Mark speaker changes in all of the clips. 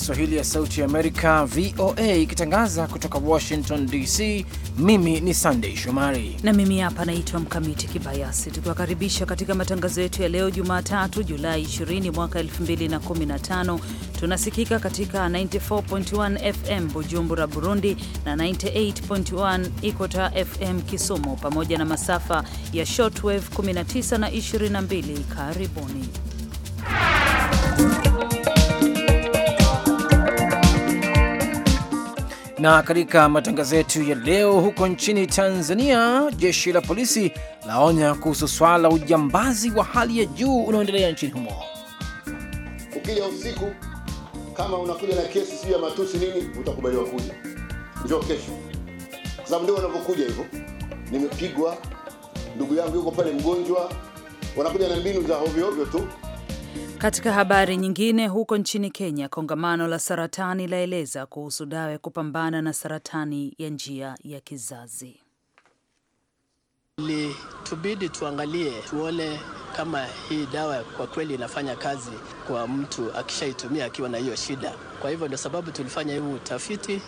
Speaker 1: Kiswahili ya Sauti ya Amerika, VOA, ikitangaza kutoka Washington DC. Mimi ni Sandei Shomari
Speaker 2: na mimi hapa naitwa Mkamiti Kibayasi, tukiwakaribisha katika matangazo yetu ya leo Jumatatu Julai 20 mwaka 2015. Tunasikika katika 94.1 FM Bujumbura, Burundi na 98.1 Ikota FM Kisumu, pamoja na masafa ya shortwave 19 na 22. Karibuni.
Speaker 1: Na katika matangazo yetu ya leo, huko nchini Tanzania, jeshi la polisi laonya kuhusu swala la ujambazi wa hali ya juu unaoendelea nchini humo.
Speaker 3: Ukija usiku kama unakuja na kesi sijui ya matusi nini, utakubaliwa kuja, njoo kesho, kwa sababu ndio wanavyokuja hivyo. Nimepigwa, ndugu yangu yuko pale mgonjwa, wanakuja na mbinu za ovyoovyo tu.
Speaker 2: Katika habari nyingine, huko nchini Kenya, kongamano la saratani laeleza kuhusu dawa ya kupambana na saratani ya njia ya kizazi.
Speaker 4: Ni tubidi tuangalie tuone kama hii dawa kwa kweli inafanya kazi kwa mtu akishaitumia akiwa na hiyo shida. Kwa hivyo ndio sababu tulifanya huu utafiti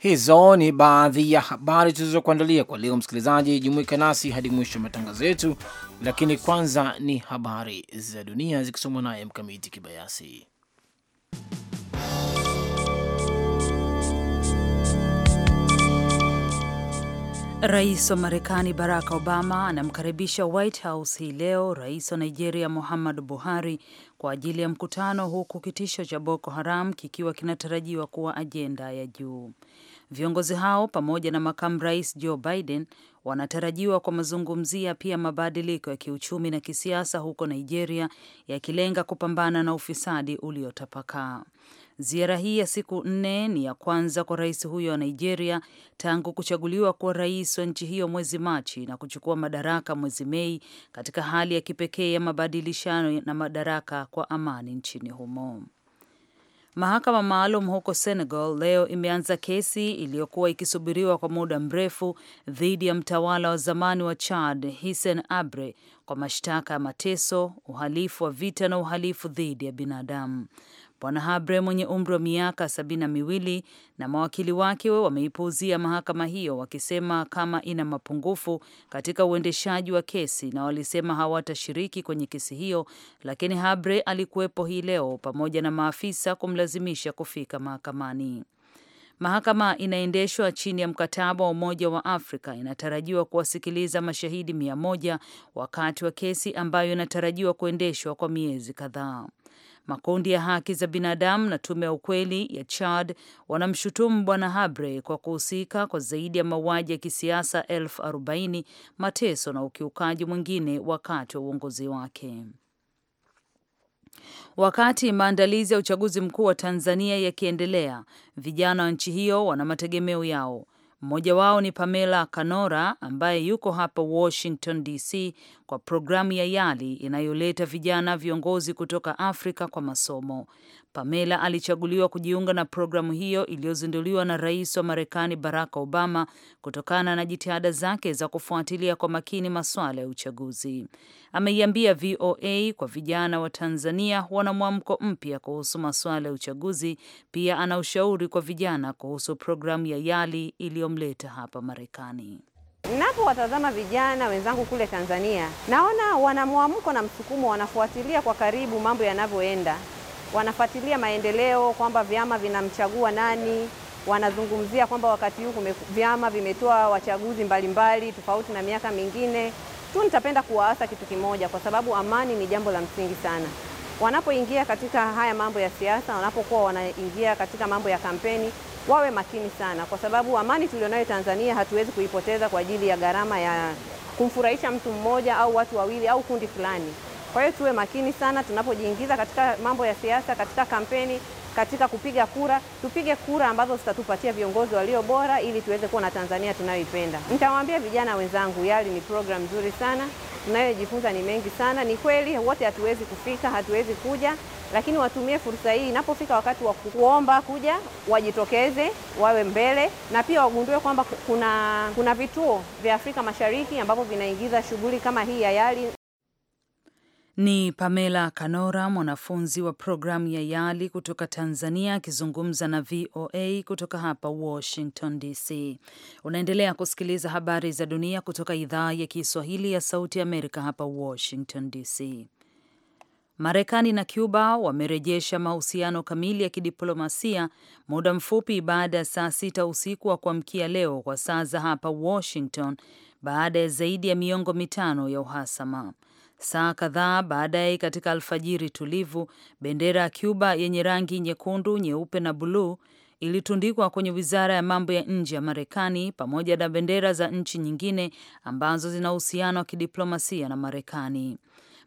Speaker 1: Hizo ni baadhi ya habari tulizokuandalia kwa leo. Msikilizaji, jumuika nasi hadi mwisho wa matangazo yetu, lakini kwanza ni habari za dunia zikisomwa naye Mkamiti Kibayasi.
Speaker 2: Rais wa Marekani Barack Obama anamkaribisha White House hii leo rais wa Nigeria Muhammadu Buhari kwa ajili ya mkutano, huku kitisho cha Boko Haram kikiwa kinatarajiwa kuwa ajenda ya juu. Viongozi hao pamoja na makamu rais Joe Biden wanatarajiwa kwa mazungumzia pia mabadiliko ya kiuchumi na kisiasa huko Nigeria, yakilenga kupambana na ufisadi uliotapakaa. Ziara hii ya siku nne ni ya kwanza kwa rais huyo wa Nigeria tangu kuchaguliwa kuwa rais wa nchi hiyo mwezi Machi na kuchukua madaraka mwezi Mei, katika hali ya kipekee ya mabadilishano na madaraka kwa amani nchini humo. Mahakama maalum huko Senegal leo imeanza kesi iliyokuwa ikisubiriwa kwa muda mrefu dhidi ya mtawala wa zamani wa Chad Hissen Abre kwa mashtaka ya mateso, uhalifu wa vita na uhalifu dhidi ya binadamu. Bwana Habre mwenye umri wa miaka sabini na miwili na mawakili wake wameipuuzia mahakama hiyo wakisema kama ina mapungufu katika uendeshaji wa kesi, na walisema hawatashiriki kwenye kesi hiyo, lakini Habre alikuwepo hii leo pamoja na maafisa kumlazimisha kufika mahakamani. Mahakama inaendeshwa chini ya mkataba wa Umoja wa Afrika inatarajiwa kuwasikiliza mashahidi mia moja wakati wa kesi ambayo inatarajiwa kuendeshwa kwa miezi kadhaa. Makundi ya haki za binadamu na tume ya ukweli ya Chad wanamshutumu Bwana Habre kwa kuhusika kwa zaidi ya mauaji ya kisiasa elfu arobaini, mateso na ukiukaji mwingine wakati wa uongozi wake. Wakati maandalizi ya uchaguzi mkuu wa Tanzania yakiendelea, vijana wa nchi hiyo wana mategemeo yao. Mmoja wao ni Pamela Kanora ambaye yuko hapa Washington DC kwa programu ya YALI inayoleta vijana viongozi kutoka Afrika kwa masomo. Pamela alichaguliwa kujiunga na programu hiyo iliyozinduliwa na Rais wa Marekani Barack Obama kutokana na jitihada zake za kufuatilia kwa makini masuala ya uchaguzi. Ameiambia VOA kwa vijana wa Tanzania wana mwamko mpya kuhusu masuala ya uchaguzi. Pia ana ushauri kwa vijana kuhusu programu ya YALI iliyomleta hapa Marekani.
Speaker 5: Ninapowatazama vijana wenzangu kule Tanzania, naona wana mwamko na msukumo, wanafuatilia kwa karibu mambo yanavyoenda, wanafuatilia maendeleo, kwamba vyama vinamchagua nani, wanazungumzia kwamba wakati huu vyama vimetoa wachaguzi mbalimbali tofauti na miaka mingine tu. Nitapenda kuwaasa kitu kimoja, kwa sababu amani ni jambo la msingi sana. Wanapoingia katika haya mambo ya siasa, wanapokuwa wanaingia katika mambo ya kampeni, wawe makini sana, kwa sababu amani tulionayo Tanzania hatuwezi kuipoteza kwa ajili ya gharama ya kumfurahisha mtu mmoja au watu wawili au kundi fulani. Kwa hiyo tuwe makini sana tunapojiingiza katika mambo ya siasa, katika kampeni, katika kupiga kura. Tupige kura ambazo zitatupatia viongozi walio bora, ili tuweze kuwa na Tanzania tunayoipenda. Nitawaambia vijana wenzangu, YALI ni program nzuri sana, tunayojifunza ni mengi sana. Ni kweli wote hatuwezi kufika, hatuwezi kuja lakini watumie fursa hii inapofika wakati wa kuomba kuja wajitokeze wawe mbele, na pia wagundue kwamba kuna, kuna vituo vya Afrika Mashariki ambavyo vinaingiza shughuli kama hii ya YALI.
Speaker 2: Ni Pamela Kanora, mwanafunzi wa programu ya YALI kutoka Tanzania, akizungumza na VOA kutoka hapa Washington DC. Unaendelea kusikiliza habari za dunia kutoka idhaa ya Kiswahili ya Sauti ya Amerika hapa Washington DC. Marekani na Cuba wamerejesha mahusiano kamili ya kidiplomasia muda mfupi baada ya saa sita usiku wa kuamkia leo kwa saa za hapa Washington, baada ya zaidi ya miongo mitano ya uhasama. Saa kadhaa baadaye, katika alfajiri tulivu, bendera ya Cuba yenye rangi nyekundu, nyeupe na buluu ilitundikwa kwenye wizara ya mambo ya nje ya Marekani pamoja na bendera za nchi nyingine ambazo zina uhusiano wa kidiplomasia na Marekani.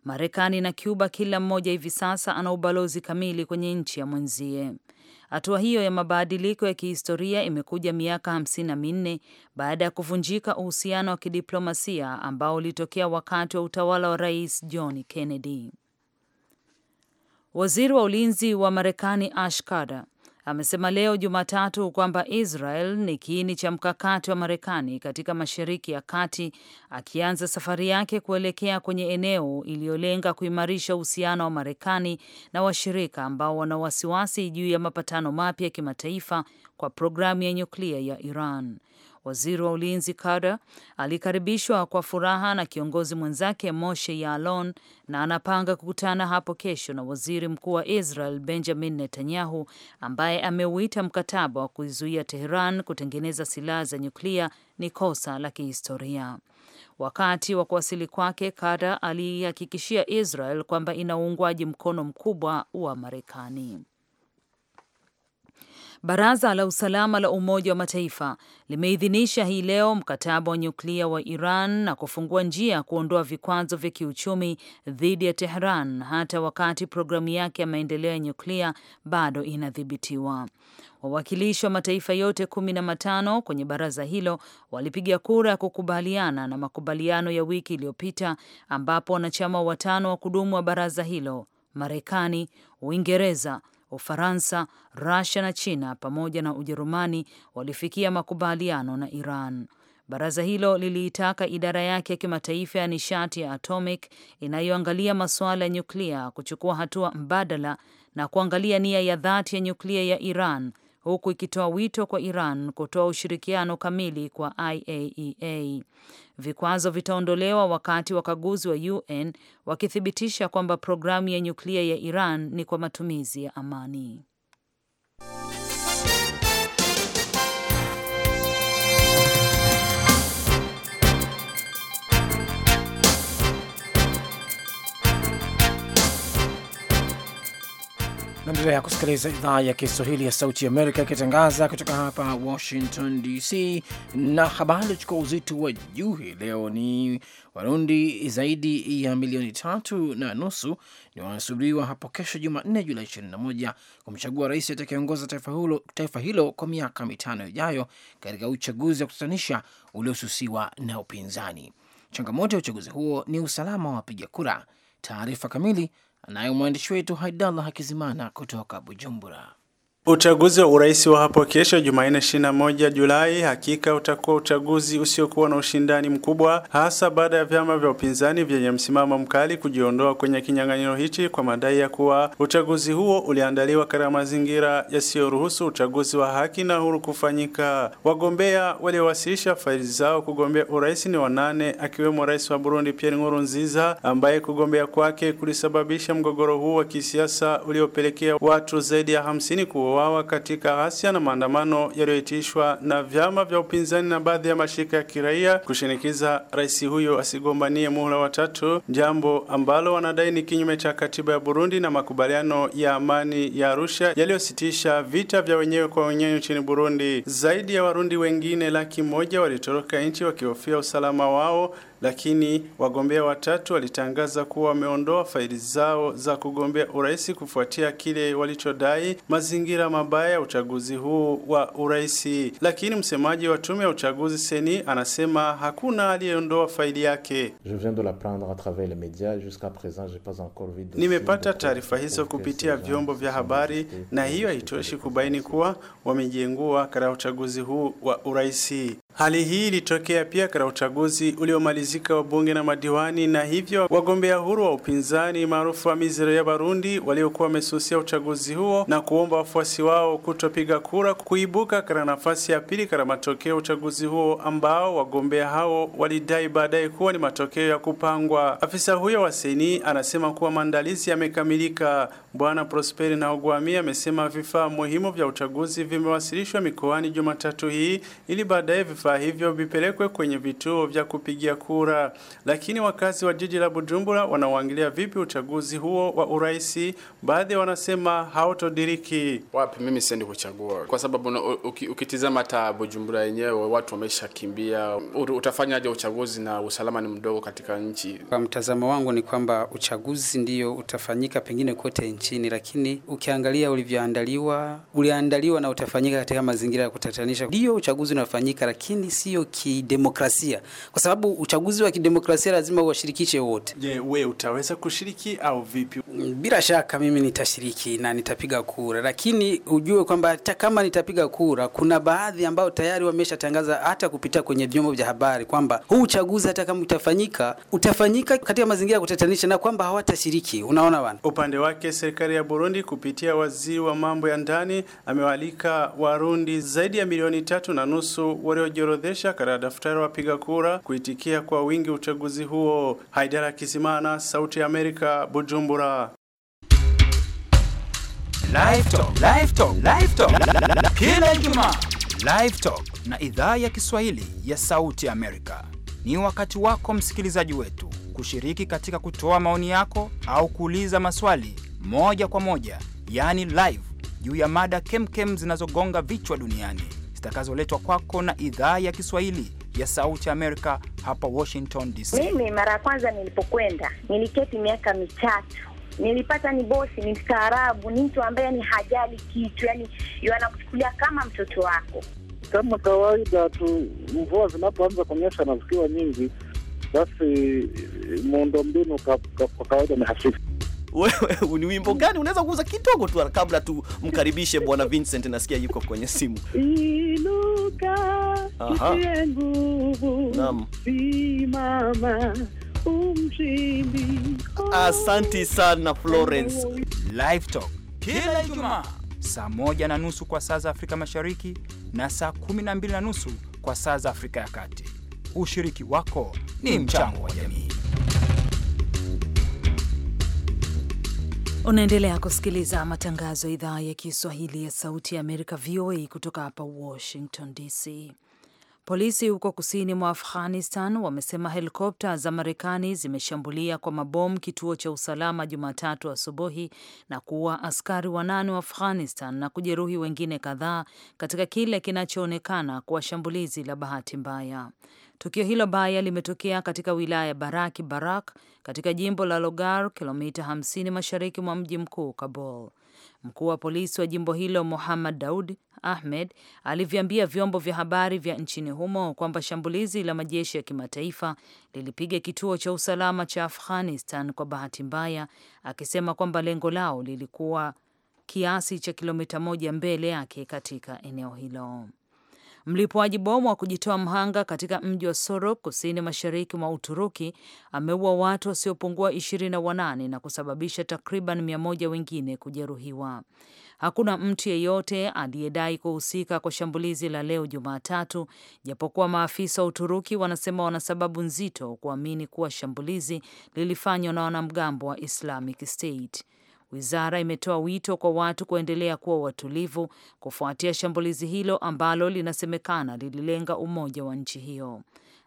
Speaker 2: Marekani na Cuba kila mmoja hivi sasa ana ubalozi kamili kwenye nchi ya mwenzie. Hatua hiyo ya mabadiliko ya kihistoria imekuja miaka hamsini na minne baada ya kuvunjika uhusiano wa kidiplomasia ambao ulitokea wakati wa utawala wa Rais John Kennedy. Waziri wa ulinzi wa Marekani Ash Carter amesema leo Jumatatu kwamba Israel ni kiini cha mkakati wa Marekani katika Mashariki ya Kati, akianza safari yake kuelekea kwenye eneo iliyolenga kuimarisha uhusiano wa Marekani na washirika ambao wana wasiwasi juu ya mapatano mapya ya kimataifa kwa programu ya nyuklia ya Iran. Waziri wa ulinzi Carter alikaribishwa kwa furaha na kiongozi mwenzake Moshe Yaalon na anapanga kukutana hapo kesho na waziri mkuu wa Israel Benjamin Netanyahu, ambaye ameuita mkataba wa kuizuia Teheran kutengeneza silaha za nyuklia ni kosa la kihistoria. Wakati wa kuwasili kwake, Carter aliihakikishia Israel kwamba ina uungwaji mkono mkubwa wa Marekani. Baraza la Usalama la Umoja wa Mataifa limeidhinisha hii leo mkataba wa nyuklia wa Iran na kufungua njia ya kuondoa vikwazo vya kiuchumi dhidi ya Tehran hata wakati programu yake ya maendeleo ya nyuklia bado inadhibitiwa. Wawakilishi wa mataifa yote kumi na matano kwenye baraza hilo walipiga kura ya kukubaliana na makubaliano ya wiki iliyopita ambapo wanachama watano wa kudumu wa baraza hilo Marekani, Uingereza, Ufaransa, Russia na China pamoja na Ujerumani walifikia makubaliano na Iran. Baraza hilo liliitaka idara yake ya kimataifa ya nishati ya atomic inayoangalia masuala ya nyuklia kuchukua hatua mbadala na kuangalia nia ya dhati ya nyuklia ya Iran huku ikitoa wito kwa Iran kutoa ushirikiano kamili kwa IAEA. E Vikwazo vitaondolewa wakati wakaguzi wa UN wakithibitisha kwamba programu ya nyuklia ya Iran ni kwa matumizi ya amani.
Speaker 1: Naendelea kusikiliza idhaa ya Kiswahili ya Sauti Amerika ikitangaza kutoka hapa Washington DC, na habari ilichukua uzito wa juu hii leo ni Warundi zaidi ya milioni tatu na nusu ni wanasubiriwa hapo kesho Jumanne, Julai 21 kumchagua rais atakayeongoza taifa hilo, taifa hilo kwa miaka mitano ijayo katika uchaguzi wa kutatanisha uliosusiwa na upinzani. Changamoto ya uchaguzi huo ni usalama wa wapiga kura. Taarifa kamili Anayo mwandishi wetu Haidallah Hakizimana kutoka Bujumbura.
Speaker 6: Uchaguzi wa urais wa hapo kesho Jumanne 21 Julai hakika utakuwa uchaguzi usiokuwa na ushindani mkubwa, hasa baada ya vyama vya upinzani vyenye msimamo mkali kujiondoa kwenye kinyang'anyiro hichi kwa madai ya kuwa uchaguzi huo uliandaliwa katika mazingira yasiyoruhusu uchaguzi wa haki na huru kufanyika. Wagombea waliowasilisha faili zao kugombea urais ni wanane, akiwemo rais wa Burundi Pierre Nkurunziza ambaye kugombea kwake kulisababisha mgogoro huu wa kisiasa uliopelekea watu zaidi ya hamsini kuo waliouawa katika ghasia na maandamano yaliyoitishwa na vyama vya upinzani na baadhi ya mashirika ya kiraia kushinikiza rais huyo asigombanie muhula watatu, jambo ambalo wanadai ni kinyume cha katiba ya Burundi na makubaliano ya amani ya Arusha yaliyositisha vita vya wenyewe kwa wenyewe nchini Burundi. Zaidi ya Warundi wengine laki moja walitoroka nchi wakihofia usalama wao lakini wagombea watatu walitangaza kuwa wameondoa faili zao za kugombea urais kufuatia kile walichodai mazingira mabaya ya uchaguzi huu wa urais. Lakini msemaji wa tume ya uchaguzi Seni anasema hakuna aliyeondoa faili yake. Nimepata taarifa hizo kupitia vyombo vya habari, na hiyo haitoshi kubaini kuwa wamejengua katika uchaguzi huu wa urais. Hali hii ilitokea pia katika uchaguzi uliomalizika wa wabunge na madiwani, na hivyo wagombea huru wa upinzani maarufu wa Mizero ya Barundi waliokuwa wamesusia uchaguzi huo na kuomba wafuasi wao kutopiga kura kuibuka katika nafasi ya pili katika matokeo ya uchaguzi huo ambao wagombea hao walidai baadaye kuwa ni matokeo ya kupangwa. Afisa huyo wa seni anasema kuwa maandalizi yamekamilika. Bwana Prosperi Naogwami amesema vifaa muhimu vya uchaguzi vimewasilishwa mikoani Jumatatu hii ili baadaye vifaa hivyo vipelekwe kwenye vituo vya kupigia kura kura. Lakini wakazi wa jiji la Bujumbura wanauangalia vipi uchaguzi huo wa urais? Baadhi wanasema hautodiriki. Wapi, mimi siendi kuchagua kwa sababu ukitizama hata Bujumbura yenyewe watu wameshakimbia. Utafanyaje
Speaker 1: uchaguzi na usalama ni mdogo katika nchi? Kwa mtazamo wangu ni kwamba uchaguzi ndio utafanyika pengine kote nchini, lakini ukiangalia ulivyoandaliwa, uliandaliwa na utafanyika katika mazingira ya kutatanisha. ndio uchaguzi unafanyika, lakini sio kidemokrasia, kwa sababu uchaguzi uchaguzi wa kidemokrasia lazima uwashirikishe wote. Je, wewe utaweza kushiriki au vipi? Bila shaka mimi nitashiriki na nitapiga kura, lakini ujue kwamba hata kama nitapiga kura, kuna baadhi ambao tayari wameshatangaza hata kupita kwenye vyombo vya habari kwamba huu uchaguzi hata kama utafanyika utafanyika katika mazingira ya kutatanisha na kwamba hawatashiriki.
Speaker 6: Unaona bwana. Upande wake serikali ya Burundi kupitia waziri wa mambo ya ndani amewaalika Warundi zaidi ya milioni tatu na nusu waliojiorodhesha katika daftari wapiga kura kuitikia kwa wingi uchaguzi huo. Haidara Kisimana, Sauti ya Amerika, Bujumbura. Live Talk, Live Talk, Live Talk.
Speaker 7: Kila Ijumaa Live Talk na idhaa ya Kiswahili ya Sauti ya Amerika. Ni wakati wako msikilizaji wetu kushiriki katika kutoa maoni yako au kuuliza maswali moja kwa moja, yaani live juu ya mada kemkem zinazogonga vichwa duniani zitakazoletwa kwako na idhaa ya Kiswahili ya Sauti Amerika hapa Washington DC.
Speaker 8: Mimi mara ya kwanza nilipokwenda niliketi miaka mitatu nilipata ni bosi, ni mstaarabu, ni mtu ambaye ni hajali kitu, yani anakuchukulia
Speaker 5: kama mtoto wako.
Speaker 9: Kama kawaida tu, mvua zinapoanza kuonyesha na
Speaker 10: zikiwa nyingi, basi eh, muundombinu kwa kawaida ni hafifu wewe ni wimbo gani unaweza kuuza kidogo tu kabla tumkaribishe bwana Vincent, nasikia yuko kwenye simu.
Speaker 4: Inuka utie nguvu,
Speaker 6: simama umshindi.
Speaker 10: Asante
Speaker 9: sana oh. Florence. Live Talk
Speaker 6: kila
Speaker 8: Ijumaa
Speaker 7: saa moja na nusu kwa saa za Afrika Mashariki na saa kumi na mbili na nusu kwa saa za Afrika ya Kati.
Speaker 9: Ushiriki wako ni mchango wa jamii.
Speaker 2: Unaendelea kusikiliza matangazo ya idhaa ya Kiswahili ya Sauti ya Amerika, VOA, kutoka hapa Washington DC. Polisi huko kusini mwa Afghanistan wamesema helikopta za Marekani zimeshambulia kwa mabomu kituo cha usalama Jumatatu asubuhi na kuua askari wanane wa Afghanistan na kujeruhi wengine kadhaa katika kile kinachoonekana kuwa shambulizi la bahati mbaya. Tukio hilo baya limetokea katika wilaya ya Baraki Barak katika jimbo la Logar, kilomita 50 mashariki mwa mji mkuu Kabul. Mkuu wa polisi wa jimbo hilo Muhammad Daud Ahmed aliviambia vyombo vya habari vya nchini humo kwamba shambulizi la majeshi ya kimataifa lilipiga kituo cha usalama cha Afghanistan kwa bahati mbaya, akisema kwamba lengo lao lilikuwa kiasi cha kilomita moja mbele yake katika eneo hilo. Mlipuaji bomu wa kujitoa mhanga katika mji wa Sorok kusini mashariki mwa Uturuki ameua watu wasiopungua ishirini na wanane na kusababisha takriban mia moja wengine kujeruhiwa. Hakuna mtu yeyote aliyedai kuhusika kwa shambulizi la leo Jumatatu, japokuwa maafisa wa Uturuki wanasema wana sababu nzito kuamini kuwa shambulizi lilifanywa na wanamgambo wa Islamic State. Wizara imetoa wito kwa watu kuendelea kuwa watulivu kufuatia shambulizi hilo ambalo linasemekana lililenga umoja wa nchi hiyo.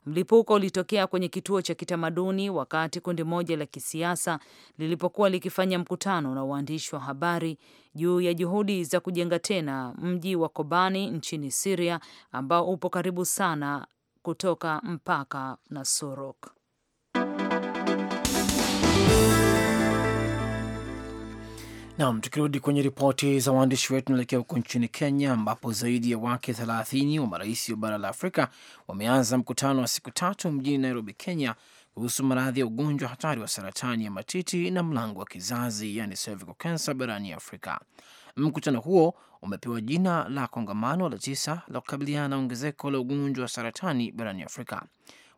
Speaker 2: Mlipuko ulitokea kwenye kituo cha kitamaduni wakati kundi moja la kisiasa lilipokuwa likifanya mkutano na waandishi wa habari juu ya juhudi za kujenga tena mji wa Kobani nchini Siria ambao upo karibu sana kutoka mpaka na Suruk.
Speaker 1: Nam, tukirudi kwenye ripoti za waandishi wetu, naelekea huko nchini Kenya ambapo zaidi ya wake thelathini wa marais wa bara la Afrika wameanza mkutano wa siku tatu mjini Nairobi, Kenya kuhusu maradhi ya ugonjwa hatari wa saratani ya matiti na mlango wa kizazi, yani cervical cancer barani Afrika. Mkutano huo umepewa jina la kongamano la tisa la kukabiliana na ongezeko la ugonjwa wa saratani barani Afrika.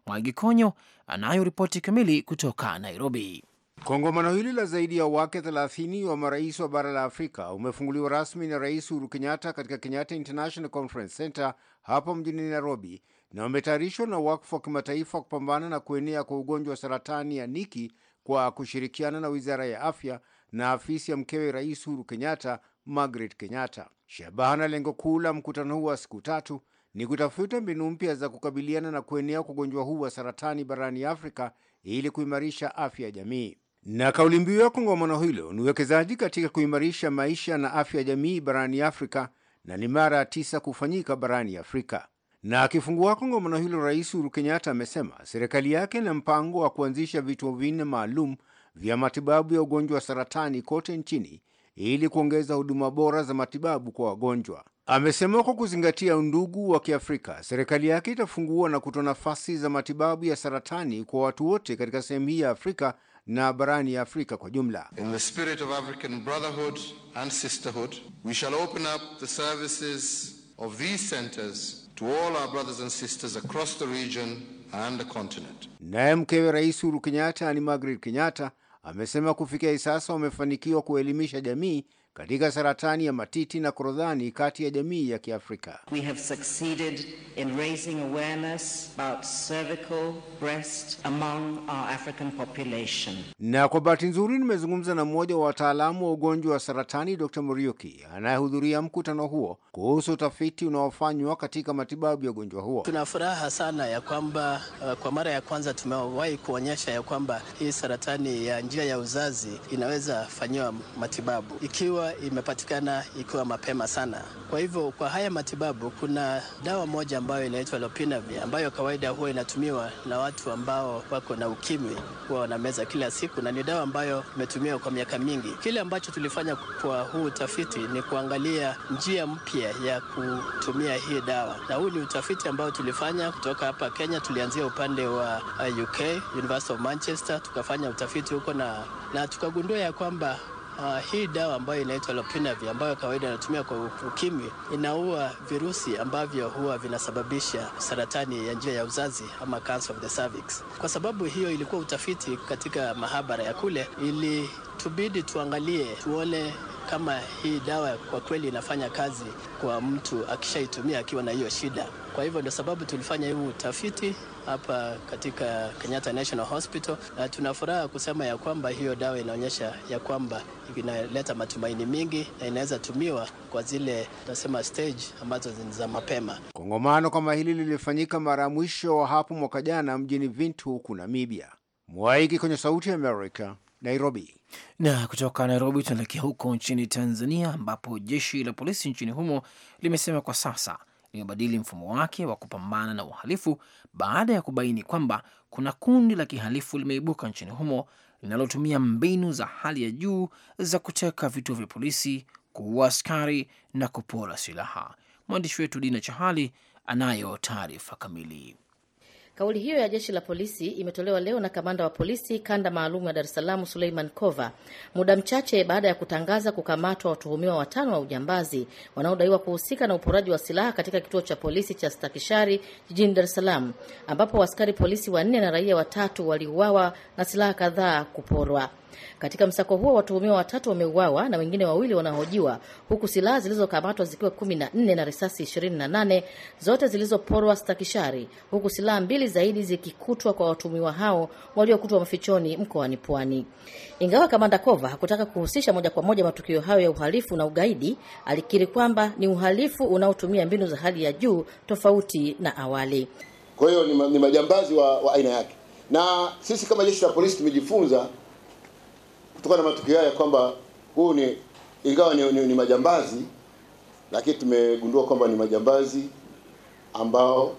Speaker 1: Mwagi Konyo anayo ripoti kamili kutoka Nairobi. Kongamano hili la zaidi
Speaker 9: ya wake 30 wa marais wa bara la Afrika umefunguliwa rasmi na Rais Uhuru Kenyatta katika Kenyatta International Conference Center hapa mjini Nairobi na wametayarishwa na wakfu wa kimataifa kupambana na kuenea kwa ugonjwa wa saratani ya niki kwa kushirikiana na Wizara ya Afya na afisi ya mkewe Rais Uhuru Kenyatta, Margaret Kenyatta. Shabaha na lengo kuu la mkutano huu wa siku tatu ni kutafuta mbinu mpya za kukabiliana na kuenea kwa ugonjwa huu wa saratani barani Afrika ili kuimarisha afya ya jamii. Na kauli mbiu ya kongamano hilo ni uwekezaji katika kuimarisha maisha na afya ya jamii barani Afrika na ni mara tisa kufanyika barani Afrika. Na akifungua kongamano hilo, Rais Uhuru Kenyatta amesema serikali yake na mpango wa kuanzisha vituo vinne maalum vya matibabu ya ugonjwa wa saratani kote nchini ili kuongeza huduma bora za matibabu kwa wagonjwa. Amesema kwa kuzingatia undugu wa Kiafrika, serikali yake itafungua na kutoa nafasi za matibabu ya saratani kwa watu wote katika sehemu hii ya Afrika na barani ya Afrika kwa jumla. In the spirit of African brotherhood and sisterhood, we shall open up the services of these centers to all our brothers and sisters across the region and the continent. Naye mkewe Rais Uhuru Kenyatta ni Margaret Kenyatta amesema kufikia sasa wamefanikiwa kuelimisha jamii katika saratani ya matiti na korodhani kati ya jamii ya Kiafrika.
Speaker 8: We have succeeded in raising awareness about cervical breast among our African population.
Speaker 9: Na kwa bahati nzuri nimezungumza na mmoja wa wataalamu wa ugonjwa wa saratani Dr. Muriuki anayehudhuria mkutano huo kuhusu utafiti unaofanywa katika matibabu ya ugonjwa huo.
Speaker 4: Tuna furaha sana ya kwamba uh, kwa mara ya kwanza tumewahi kuonyesha ya kwamba hii saratani ya njia ya uzazi inaweza fanyiwa matibabu ikiwa dawa imepatikana ikiwa mapema sana. Kwa hivyo kwa haya matibabu, kuna dawa moja ambayo inaitwa Lopinavir ambayo kawaida huwa inatumiwa na watu ambao wako na ukimwi, huwa wanameza kila siku, na ni dawa ambayo imetumiwa kwa miaka mingi. Kile ambacho tulifanya kwa huu utafiti ni kuangalia njia mpya ya kutumia hii dawa, na huu ni utafiti ambao tulifanya kutoka hapa Kenya. Tulianzia upande wa UK, uh, University of Manchester, tukafanya utafiti huko na, na tukagundua ya kwamba Uh, hii dawa ambayo inaitwa lopinavir ambayo kawaida inatumia kwa ukimwi inaua virusi ambavyo huwa vinasababisha saratani ya njia ya uzazi ama cancer of the cervix. Kwa sababu hiyo ilikuwa utafiti katika mahabara ya kule ili tubidi tuangalie tuone kama hii dawa kwa kweli inafanya kazi kwa mtu akishaitumia akiwa na hiyo shida. Kwa hivyo ndio sababu tulifanya huu utafiti hapa katika Kenyatta National Hospital, na tunafuraha kusema ya kwamba hiyo dawa inaonyesha ya kwamba inaleta matumaini mingi na inaweza tumiwa kwa zile tunasema stage ambazo ni za mapema.
Speaker 9: Kongamano kama hili lilifanyika mara ya mwisho hapo mwaka jana mjini Vintu huku Namibia. Mwaiki kwenye Sauti ya Amerika, Nairobi.
Speaker 1: Na kutoka Nairobi tunaelekea huko nchini Tanzania, ambapo jeshi la polisi nchini humo limesema kwa sasa limebadili mfumo wake wa kupambana na uhalifu baada ya kubaini kwamba kuna kundi la kihalifu limeibuka nchini humo linalotumia mbinu za hali ya juu za kuteka vituo vya polisi, kuua askari na kupora silaha. Mwandishi wetu Dina Chahali anayo taarifa kamili.
Speaker 8: Kauli hiyo ya jeshi la polisi imetolewa leo na kamanda wa polisi kanda maalum ya Dar es Salaam Suleiman Kova muda mchache baada ya kutangaza kukamatwa watuhumiwa watano wa ujambazi wanaodaiwa kuhusika na uporaji wa silaha katika kituo cha polisi cha Stakishari jijini Dar es Salaam, ambapo askari polisi wanne na raia watatu waliuawa na silaha kadhaa kuporwa. Katika msako huo watuhumiwa watatu wameuawa na wengine wawili wanahojiwa, huku silaha zilizokamatwa zikiwa kumi na nne na risasi ishirini na nane zote zilizoporwa Stakishari, huku silaha mbili zaidi zikikutwa kwa watuhumiwa hao waliokutwa mafichoni mkoani Pwani. Ingawa kamanda Kova hakutaka kuhusisha moja kwa moja matukio hayo ya uhalifu na ugaidi, alikiri kwamba ni uhalifu unaotumia mbinu za hali ya juu tofauti na awali.
Speaker 3: Kwa hiyo ni majambazi wa, wa aina yake, na sisi kama jeshi la polisi tumejifunza kutokana na matukio haya kwamba huu ni ingawa ni, ni, ni majambazi, lakini tumegundua kwamba ni majambazi ambao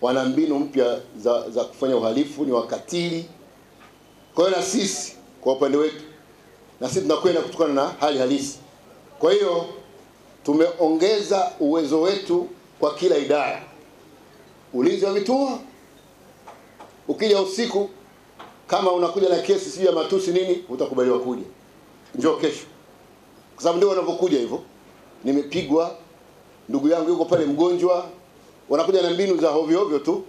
Speaker 3: wana mbinu mpya za, za kufanya uhalifu, ni wakatili. Kwa hiyo na sisi kwa upande wetu, na sisi tunakwenda kutokana na hali halisi. Kwa hiyo tumeongeza uwezo wetu kwa kila idara, ulinzi wa vituo. Ukija usiku kama unakuja na kesi sio ya matusi nini, utakubaliwa kuja, njoo kesho, kwa sababu ndio wanavyokuja hivyo. Nimepigwa, ndugu yangu yuko pale mgonjwa, wanakuja na mbinu za hovyo hovyo tu.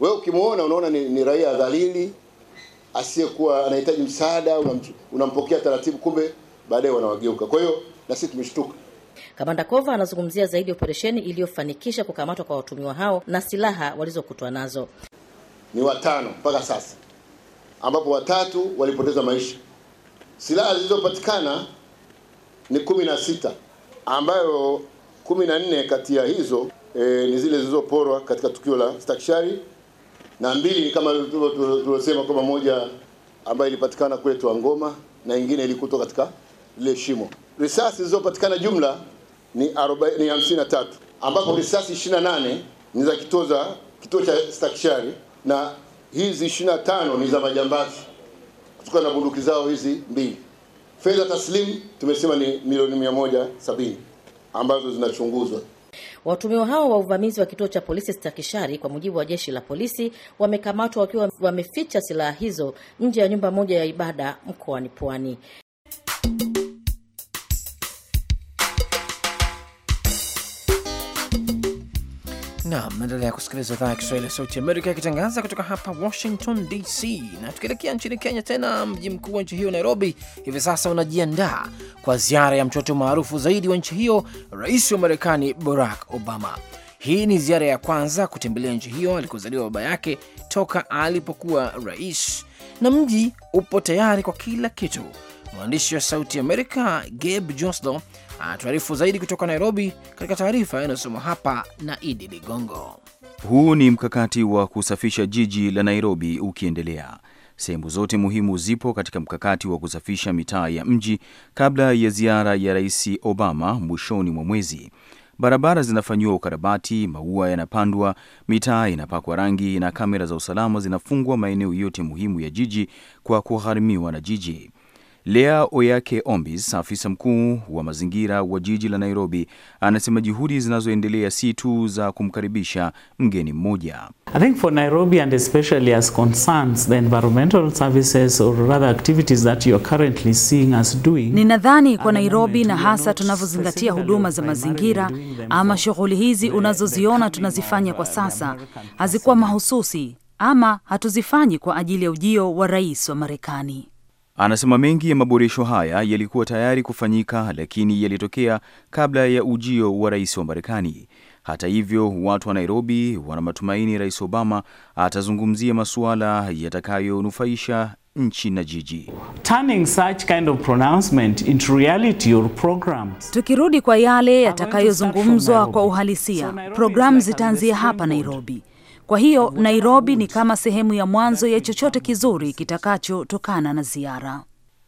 Speaker 3: Wewe ukimwona unaona ni, ni raia dhalili asiyekuwa anahitaji msaada, unampokea taratibu, kumbe baadaye wanawageuka. Kwa hiyo na sisi tumeshtuka.
Speaker 8: Kamanda Kova anazungumzia zaidi operesheni iliyofanikisha kukamatwa kwa watumiwa hao na silaha walizokutwa nazo.
Speaker 3: Ni watano mpaka sasa ambapo watatu walipoteza maisha. Silaha zilizopatikana ni kumi na sita ambayo kumi na nne kati ya hizo e, ni zile zilizoporwa katika tukio la stakshari na mbili ni kama tulivyosema kwamba moja ambayo ilipatikana kule Tuangoma na ingine ilikutwa katika lile shimo. Risasi zilizopatikana jumla ni 53 ambapo risasi 28 ni za kituo za kituo cha stakshari na hizi ishirini tano ni za majambazi kutokana na bunduki zao hizi mbili. Fedha taslimu tumesema ni milioni mia moja sabini ambazo zinachunguzwa.
Speaker 8: Watumiwa hao wa uvamizi wa kituo cha polisi Stakishari, kwa mujibu wa jeshi la polisi, wamekamatwa wakiwa wameficha silaha hizo nje ya nyumba moja ya ibada mkoani Pwani.
Speaker 1: na mnaendelea kusikiliza idhaa ya Kiswahili ya Sauti Amerika ikitangaza kutoka hapa Washington DC. Na tukielekea nchini Kenya tena, mji mkuu wa nchi hiyo Nairobi hivi sasa unajiandaa kwa ziara ya mtoto maarufu zaidi wa nchi hiyo, rais wa Marekani Barack Obama. Hii ni ziara ya kwanza kutembelea nchi hiyo alikozaliwa baba yake toka alipokuwa rais, na mji upo tayari kwa kila kitu. Mwandishi wa Sauti Amerika Gabe Joslo anatuarifu zaidi kutoka Nairobi, katika taarifa inayosomwa hapa na Idi Ligongo.
Speaker 7: Huu ni mkakati wa kusafisha jiji la Nairobi ukiendelea. Sehemu zote muhimu zipo katika mkakati wa kusafisha mitaa ya mji kabla ya ziara ya Rais Obama mwishoni mwa mwezi. Barabara zinafanyiwa ukarabati, maua yanapandwa, mitaa inapakwa rangi na kamera za usalama zinafungwa maeneo yote muhimu ya jiji kwa kugharimiwa na jiji. Lea Oyake Ombis, afisa mkuu wa mazingira wa jiji la Nairobi, anasema juhudi zinazoendelea si tu za kumkaribisha mgeni mmoja.
Speaker 4: I think for Nairobi and especially as concerns the environmental services or rather activities that you are currently seeing us doing.
Speaker 2: Ninadhani kwa Nairobi na hasa tunavyozingatia huduma za mazingira ama shughuli hizi unazoziona tunazifanya kwa sasa hazikuwa mahususi ama hatuzifanyi kwa ajili ya ujio wa rais wa Marekani.
Speaker 7: Anasema mengi ya maboresho haya yalikuwa tayari kufanyika, lakini yalitokea kabla ya ujio wa rais wa Marekani. Hata hivyo, watu wa Nairobi wana matumaini Rais Obama atazungumzia masuala yatakayonufaisha nchi na jiji. Turning such kind of pronouncement into reality or programs.
Speaker 2: Tukirudi kwa yale yatakayozungumzwa kwa uhalisia, programu zitaanzia hapa Nairobi. Kwa hiyo Nairobi ni kama sehemu ya mwanzo ya chochote kizuri kitakachotokana na ziara.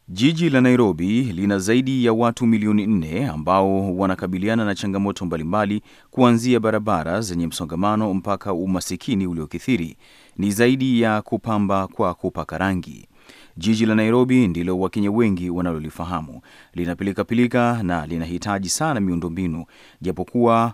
Speaker 7: Jiji la Nairobi lina zaidi ya watu milioni nne ambao wanakabiliana na changamoto mbalimbali kuanzia barabara zenye msongamano mpaka umasikini uliokithiri. Ni zaidi ya kupamba kwa kupaka rangi. Jiji la Nairobi ndilo Wakenya wengi wanalolifahamu. linapilikapilika na linahitaji sana miundombinu, japokuwa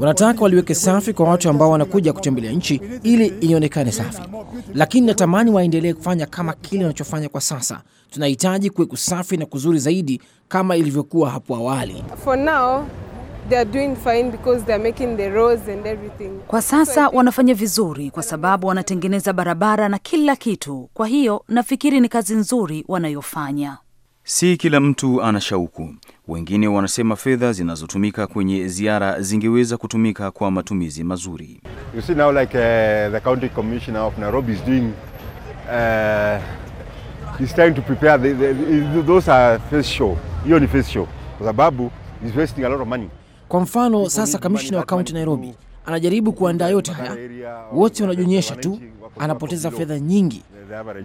Speaker 1: Wanataka waliweke safi kwa watu ambao wanakuja kutembelea nchi ili ionekane safi, lakini natamani waendelee kufanya kama kile wanachofanya kwa sasa. Tunahitaji kuweku safi na kuzuri zaidi kama ilivyokuwa hapo awali. For now,
Speaker 2: kwa sasa wanafanya vizuri kwa sababu wanatengeneza barabara na kila kitu. Kwa hiyo nafikiri ni kazi nzuri wanayofanya.
Speaker 7: Si kila mtu ana shauku wengine wanasema fedha zinazotumika kwenye ziara zingeweza kutumika kwa matumizi mazuri.
Speaker 9: You see now like, uh, the county commissioner of Nairobi is doing, uh, he's trying to prepare the, the, those are face show. Hiyo ni face show kwa sababu he's wasting a lot of money.
Speaker 1: Kwa mfano sasa kamishna wa kaunti Nairobi anajaribu kuandaa yote haya, wote wanajionyesha tu, anapoteza fedha nyingi.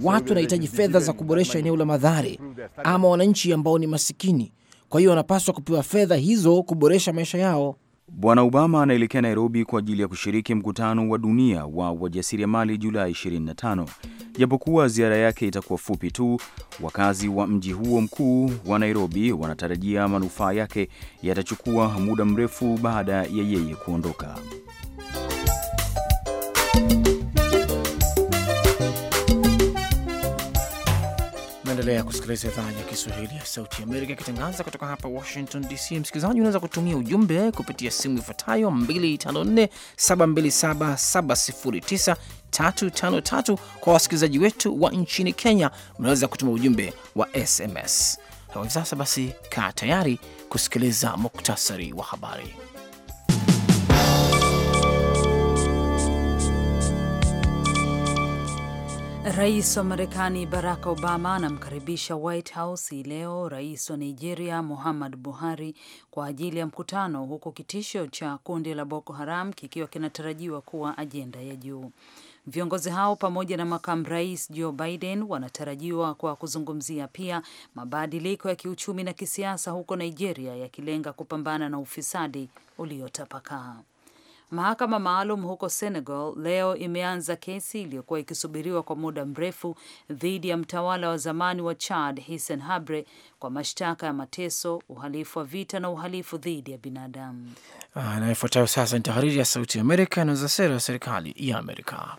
Speaker 1: Watu wanahitaji fedha za kuboresha eneo la madhare, ama wananchi ambao ni masikini kwa hiyo wanapaswa kupewa fedha hizo kuboresha maisha yao.
Speaker 7: Bwana Obama anaelekea Nairobi kwa ajili ya kushiriki mkutano wa dunia wa wajasiriamali Julai 25. Japokuwa ziara yake itakuwa fupi tu, wakazi wa mji huo mkuu wa Nairobi wanatarajia manufaa yake yatachukua muda mrefu baada ya yeye kuondoka.
Speaker 1: Unaendelea kusikiliza idhaa ya Kiswahili ya Sauti Amerika ikitangaza kutoka hapa Washington DC. Msikilizaji, unaweza kutumia ujumbe kupitia simu ifuatayo 254727709353. Kwa wasikilizaji wetu wa nchini Kenya, unaweza kutuma ujumbe wa SMS. Hivi sasa basi, kaa tayari kusikiliza muktasari wa habari.
Speaker 2: Rais wa Marekani Barack Obama anamkaribisha White House hii leo rais wa Nigeria Muhammad Buhari kwa ajili ya mkutano, huku kitisho cha kundi la Boko Haram kikiwa kinatarajiwa kuwa ajenda ya juu. Viongozi hao pamoja na makamu rais Joe Biden wanatarajiwa kwa kuzungumzia pia mabadiliko ya kiuchumi na kisiasa huko Nigeria, yakilenga kupambana na ufisadi uliotapakaa. Mahakama maalum huko Senegal leo imeanza kesi iliyokuwa ikisubiriwa kwa muda mrefu dhidi ya mtawala wa zamani wa Chad Hissen Habre kwa mashtaka ya mateso, uhalifu wa vita na uhalifu dhidi ya binadamu.
Speaker 1: Anayefuatayo ah, sasa ni tahariri ya Sauti ya Amerika inaweza sera ya serikali ya Amerika.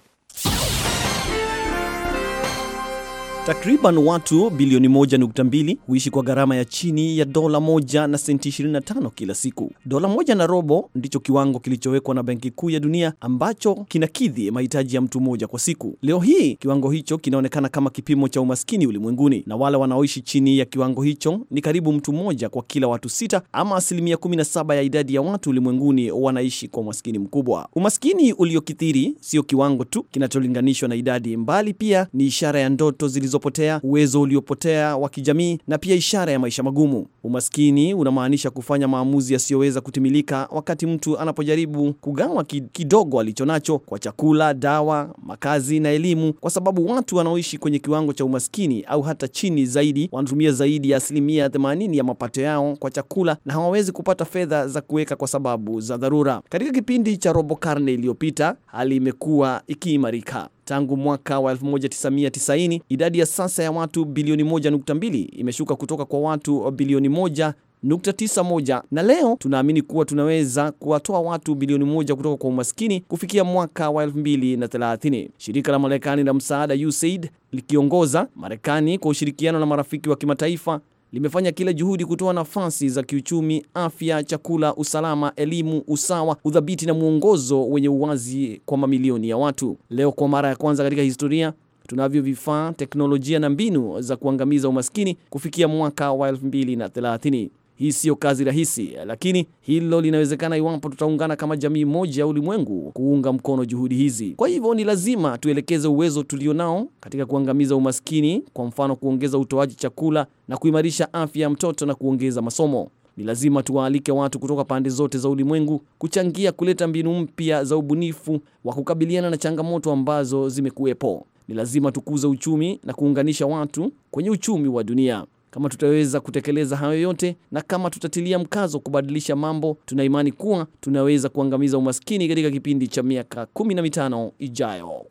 Speaker 1: Takriban
Speaker 10: watu bilioni 1.2 huishi kwa gharama ya chini ya dola moja na senti 25 kila siku. Dola moja na robo ndicho kiwango kilichowekwa na Benki Kuu ya Dunia ambacho kinakidhi mahitaji ya mtu mmoja kwa siku. Leo hii kiwango hicho kinaonekana kama kipimo cha umaskini ulimwenguni, na wale wanaoishi chini ya kiwango hicho ni karibu mtu mmoja kwa kila watu sita, ama asilimia 17 ya idadi ya watu ulimwenguni wanaishi kwa umaskini mkubwa. Umaskini uliokithiri sio kiwango tu kinacholinganishwa na idadi, mbali pia ni ishara ya ndoto zilizo zilizopotea, uwezo uliopotea wa kijamii, na pia ishara ya maisha magumu. Umaskini unamaanisha kufanya maamuzi yasiyoweza kutimilika wakati mtu anapojaribu kugawa kidogo alichonacho kwa chakula, dawa, makazi na elimu, kwa sababu watu wanaoishi kwenye kiwango cha umaskini au hata chini zaidi wanatumia zaidi ya asilimia 80 ya mapato yao kwa chakula na hawawezi kupata fedha za kuweka kwa sababu za dharura. Katika kipindi cha robo karne iliyopita, hali imekuwa ikiimarika. Tangu mwaka wa 1990 idadi ya sasa ya watu bilioni 1.2 imeshuka kutoka kwa watu bilioni 1.91 na leo tunaamini kuwa tunaweza kuwatoa watu bilioni moja kutoka kwa umaskini kufikia mwaka wa 2030. Shirika la Marekani la msaada USAID likiongoza Marekani kwa ushirikiano na marafiki wa kimataifa limefanya kila juhudi kutoa nafasi za kiuchumi, afya, chakula, usalama, elimu, usawa, udhabiti na mwongozo wenye uwazi kwa mamilioni ya watu. Leo kwa mara ya kwanza katika historia tunavyo vifaa, teknolojia na mbinu za kuangamiza umaskini kufikia mwaka wa 2030. Hii siyo kazi rahisi, lakini hilo linawezekana iwapo tutaungana kama jamii moja ya ulimwengu kuunga mkono juhudi hizi. Kwa hivyo ni lazima tuelekeze uwezo tulionao katika kuangamiza umaskini, kwa mfano kuongeza utoaji chakula na kuimarisha afya ya mtoto na kuongeza masomo. Ni lazima tuwaalike watu kutoka pande zote za ulimwengu kuchangia kuleta mbinu mpya za ubunifu wa kukabiliana na changamoto ambazo zimekuwepo. Ni lazima tukuze uchumi na kuunganisha watu kwenye uchumi wa dunia. Kama tutaweza kutekeleza hayo yote na kama tutatilia mkazo kubadilisha mambo, tunaimani kuwa tunaweza kuangamiza umaskini katika kipindi cha miaka 15
Speaker 1: ijayo.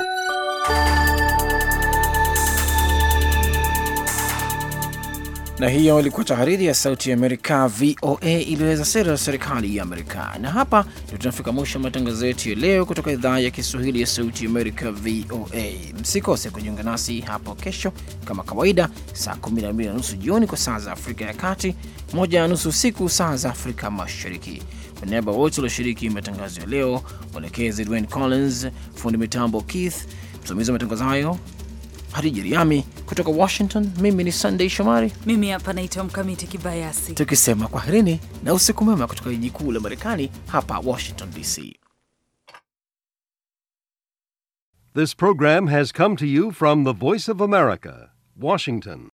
Speaker 1: Na hiyo ilikuwa tahariri ya Sauti ya Amerika, VOA, iliyoweza sera ya serikali ya Amerika. Na hapa ndio tunafika mwisho wa matangazo yetu ya leo kutoka idhaa ya Kiswahili ya Sauti ya Amerika, VOA. Msikose kujiunga nasi hapo kesho kama kawaida, saa 12 na nusu jioni kwa saa za Afrika ya Kati, moja na nusu usiku saa za Afrika Mashariki. Kwa niaba wote walioshiriki matangazo ya leo, mwelekezi Dwayne Collins, fundi mitambo Keith, msimamizi wa matangazo hayo Hadija Riami kutoka Washington.
Speaker 2: Mimi ni Sunday Shomari, mimi hapa naitwa Mkamiti Kibayasi,
Speaker 1: tukisema kwaherini na usiku mwema kutoka jiji kuu la Marekani, hapa Washington DC.
Speaker 5: This program has come to you from the Voice of America, Washington.